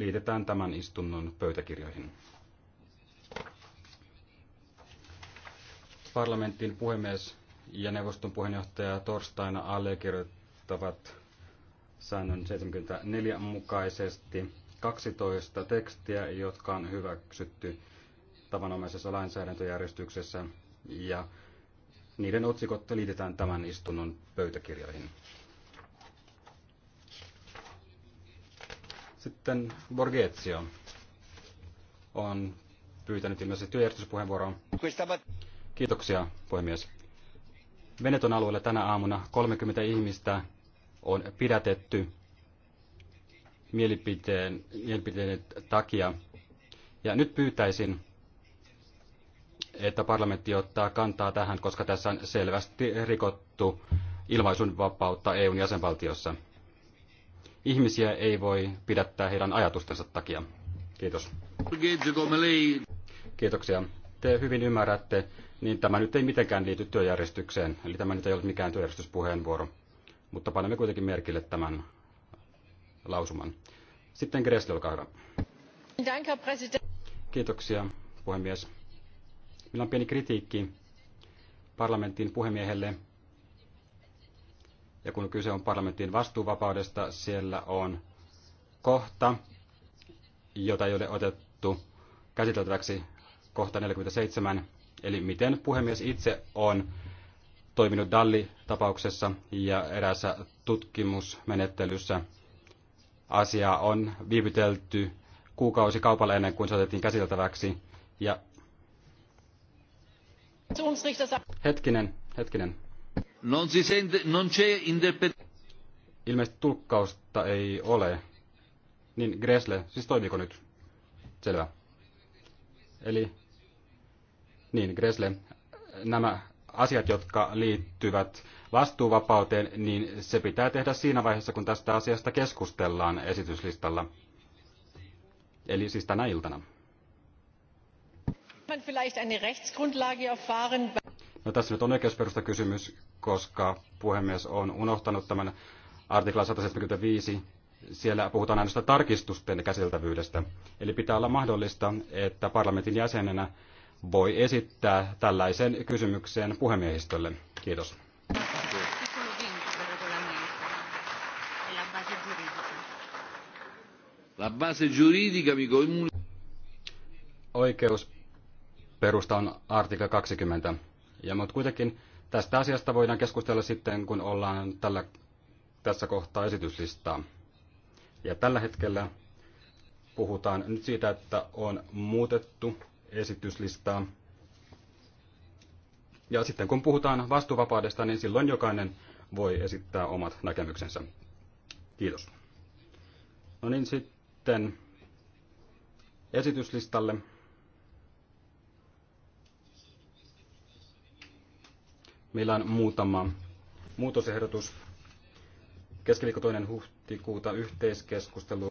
liitetään tämän istunnon pöytäkirjoihin. Parlamentin puhemies ja neuvoston puheenjohtaja torstaina allekirjoittavat säännön 74 mukaisesti 12 tekstiä, jotka on hyväksytty tavanomaisessa lainsäädäntöjärjestyksessä ja niiden otsikot liitetään tämän istunnon pöytäkirjoihin. Sitten Borghezio on pyytänyt ilmeisesti työjärjestyspuheenvuoroon. Kiitoksia, puhemies. Veneton alueella tänä aamuna 30 ihmistä on pidätetty mielipiteen, mielipiteen takia. Ja nyt pyytäisin, että parlamentti ottaa kantaa tähän, koska tässä on selvästi rikottu ilmaisunvapautta EUn jäsenvaltiossa ihmisiä ei voi pidättää heidän ajatustensa takia. Kiitos. Kiitoksia. Te hyvin ymmärrätte, niin tämä nyt ei mitenkään liity työjärjestykseen, eli tämä nyt ei ole mikään työjärjestyspuheenvuoro, mutta panemme kuitenkin merkille tämän lausuman. Sitten Gressle, olkaa hyvä. Kiitoksia, puhemies. Minulla on pieni kritiikki parlamentin puhemiehelle ja kun kyse on parlamentin vastuuvapaudesta, siellä on kohta, jota ei ole otettu käsiteltäväksi kohta 47, eli miten puhemies itse on toiminut Dalli-tapauksessa ja eräässä tutkimusmenettelyssä. asia on viivytelty kuukausi kaupalla ennen kuin se otettiin käsiteltäväksi. Ja... Hetkinen, hetkinen. Non si sente, non c'è Ilmeisesti tulkkausta ei ole. Niin, Gresle, siis toimiko nyt? Selvä. Eli, niin, Gresle, nämä asiat, jotka liittyvät vastuuvapauteen, niin se pitää tehdä siinä vaiheessa, kun tästä asiasta keskustellaan esityslistalla. Eli siis tänä iltana. No tässä nyt on oikeusperusta kysymys, koska puhemies on unohtanut tämän artiklan 175. Siellä puhutaan ainoastaan tarkistusten käsiteltävyydestä. Eli pitää olla mahdollista, että parlamentin jäsenenä voi esittää tällaisen kysymyksen puhemiehistölle. Kiitos. La base giuridica mi Oikeusperusta on artikla 20 ja, mutta kuitenkin tästä asiasta voidaan keskustella sitten, kun ollaan tällä, tässä kohtaa esityslistaa. Ja tällä hetkellä puhutaan nyt siitä, että on muutettu esityslistaa. Ja sitten kun puhutaan vastuuvapaudesta, niin silloin jokainen voi esittää omat näkemyksensä. Kiitos. No niin, sitten esityslistalle. Meillä on muutama muutosehdotus. Keskiviikko toinen huhtikuuta yhteiskeskustelu